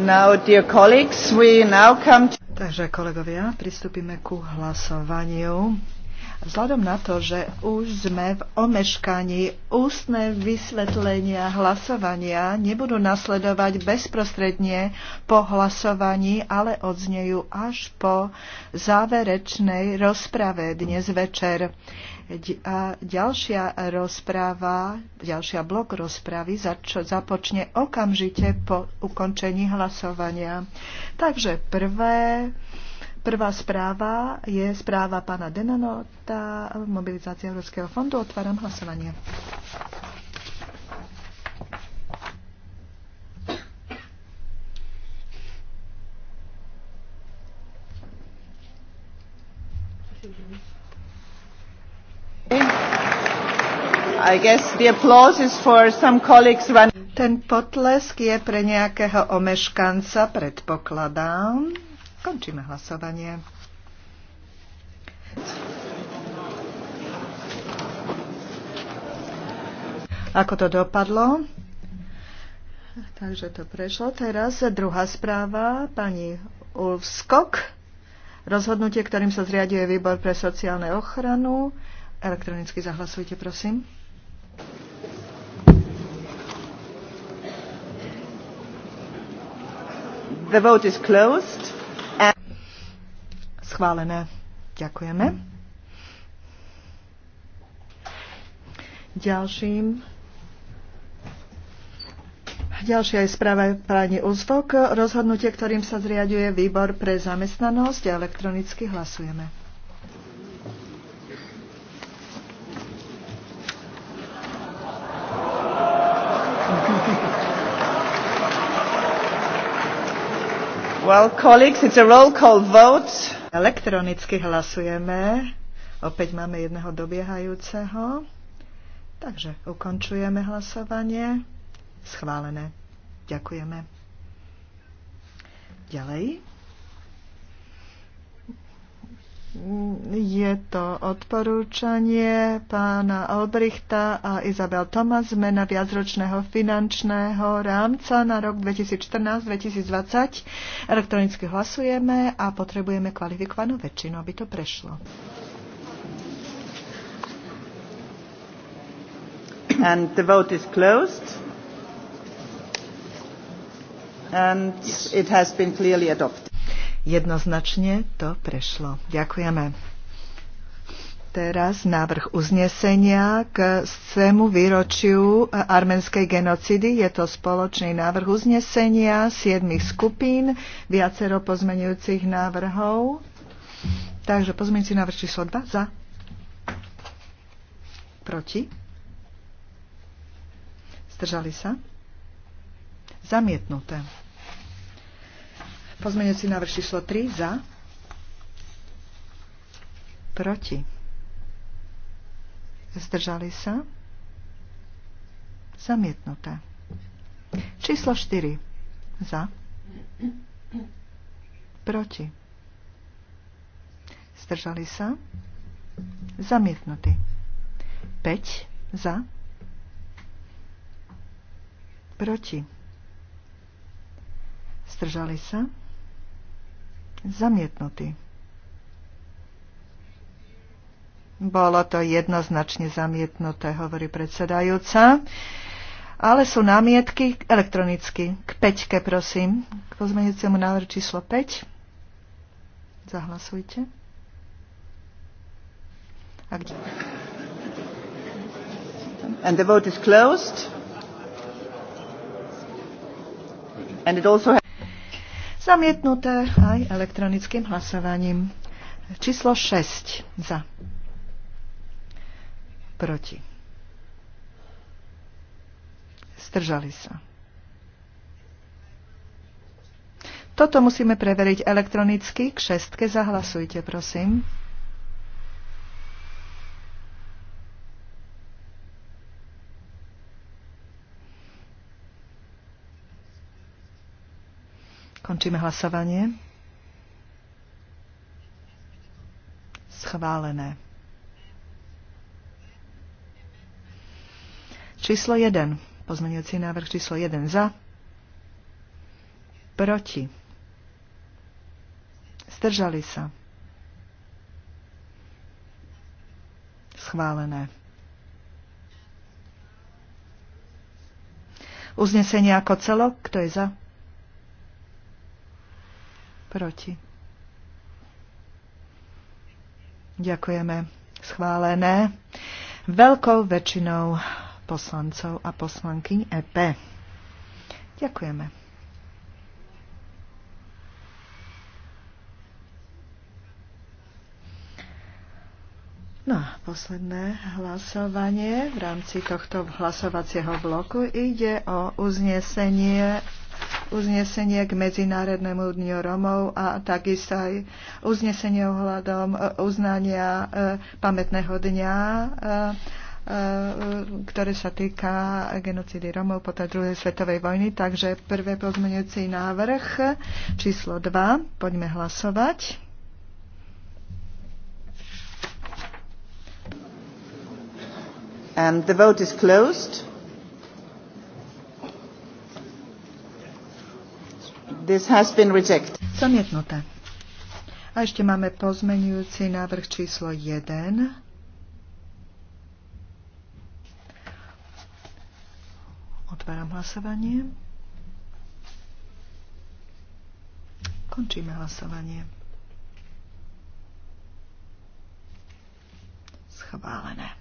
Now, dear colleagues, we now come to... Takže kolegovia, pristúpime ku hlasovaniu. Vzhľadom na to, že už sme v omeškaní, ústne vysvetlenia hlasovania nebudú nasledovať bezprostredne po hlasovaní, ale odznejú až po záverečnej rozprave dnes večer. A ďalšia rozpráva, ďalšia blok rozpravy zač- započne okamžite po ukončení hlasovania. Takže prvé Prvá správa je správa pána Denano, tá mobilizácia Európskeho fondu. Otváram hlasovanie. I guess the applause is for some colleagues running. Ten potlesk je pre nejakého omeškanca, predpokladám. Končíme hlasovanie. Ako to dopadlo? Takže to prešlo. Teraz druhá správa, pani Ulfskok. Rozhodnutie, ktorým sa zriaduje výbor pre sociálnu ochranu. Elektronicky zahlasujte, prosím. The vote is closed schválené. Ďakujeme. Ďalším Ďalšia je správa pani Uzvok. Rozhodnutie, ktorým sa zriaduje výbor pre zamestnanosť a elektronicky hlasujeme. Well, colleagues, it's a roll call vote. Elektronicky hlasujeme. Opäť máme jedného dobiehajúceho. Takže ukončujeme hlasovanie. Schválené. Ďakujeme. Ďalej. Je to odporúčanie pána Albrichta a Izabel Thomas zmena viacročného finančného rámca na rok 2014-2020. Elektronicky hlasujeme a potrebujeme kvalifikovanú väčšinu, aby to prešlo. And the vote is closed. And it has been clearly adopted jednoznačne to prešlo. Ďakujeme. Teraz návrh uznesenia k svému výročiu arménskej genocidy. Je to spoločný návrh uznesenia siedmých skupín, viacero pozmenujúcich návrhov. Takže pozmenujúci návrh číslo 2 za. Proti. Zdržali sa. Zamietnuté. Pozmeňujúci návrh číslo 3 za. Proti. Zdržali sa. Zamietnuté. Číslo 4 za. Proti. Zdržali sa. Zamietnutý. 5 za. Proti. Zdržali sa. Zamietnutý. Bolo to jednoznačne zamietnuté, hovorí predsedajúca. Ale sú námietky elektronicky. K peťke, prosím. K pozmeňujúcemu návrhu číslo 5. Zahlasujte. A kde? And the vote is closed. And it also Zamietnuté aj elektronickým hlasovaním. Číslo 6 za. Proti. Stržali sa. Toto musíme preveriť elektronicky. K šestke zahlasujte, prosím. Končíme hlasovanie. Schválené. Číslo 1. Pozmeňujúci návrh číslo 1 za. Proti. Zdržali sa. Schválené. Uznesenie ako celok, kto je za? Proti. Ďakujeme. Schválené veľkou väčšinou poslancov a poslankyň EP. Ďakujeme. No a posledné hlasovanie v rámci tohto hlasovacieho bloku ide o uznesenie uznesenie k Medzinárodnému dňu Romov a takisto aj uznesenie ohľadom e, uznania e, pamätného dňa e, ktoré sa týka genocidy Romov po tej druhej svetovej vojny. Takže prvé pozmeňujúci návrh číslo 2. Poďme hlasovať. And the vote is closed. This has been rejected. Zamietnuté. A ešte máme pozmenujúci návrh číslo 1. Otváram hlasovanie. Končíme hlasovanie. Schválené.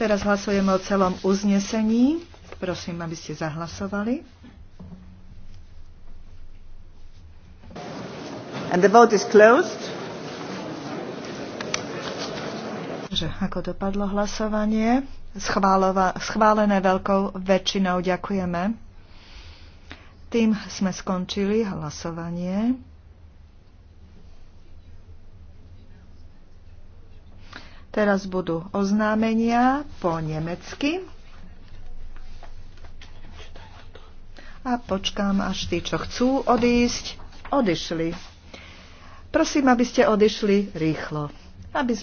Teraz hlasujeme o celom uznesení. Prosím, aby ste zahlasovali. And the vote is closed. Že ako dopadlo hlasovanie? Schválova, schválené veľkou väčšinou. Ďakujeme. Tým sme skončili hlasovanie. Teraz budú oznámenia po nemecky. a počkám, až tí, čo chcú odísť, odišli. Prosím, aby ste odišli rýchlo. Aby